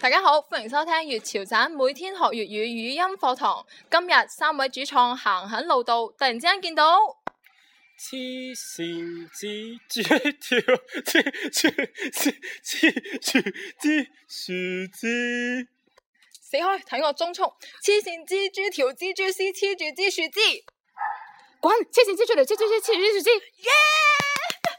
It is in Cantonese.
大家好，歡迎收聽粵潮盞每天學粵語語音課堂。今日三位主創行喺路度，突然之間見到黐線蜘蛛條蜘蛛絲黐住支樹枝，死開！睇我中速，黐線蜘蛛條蜘蛛絲黐住支樹枝，滾！黐線蜘蛛條蜘蛛絲黐住支樹枝，耶！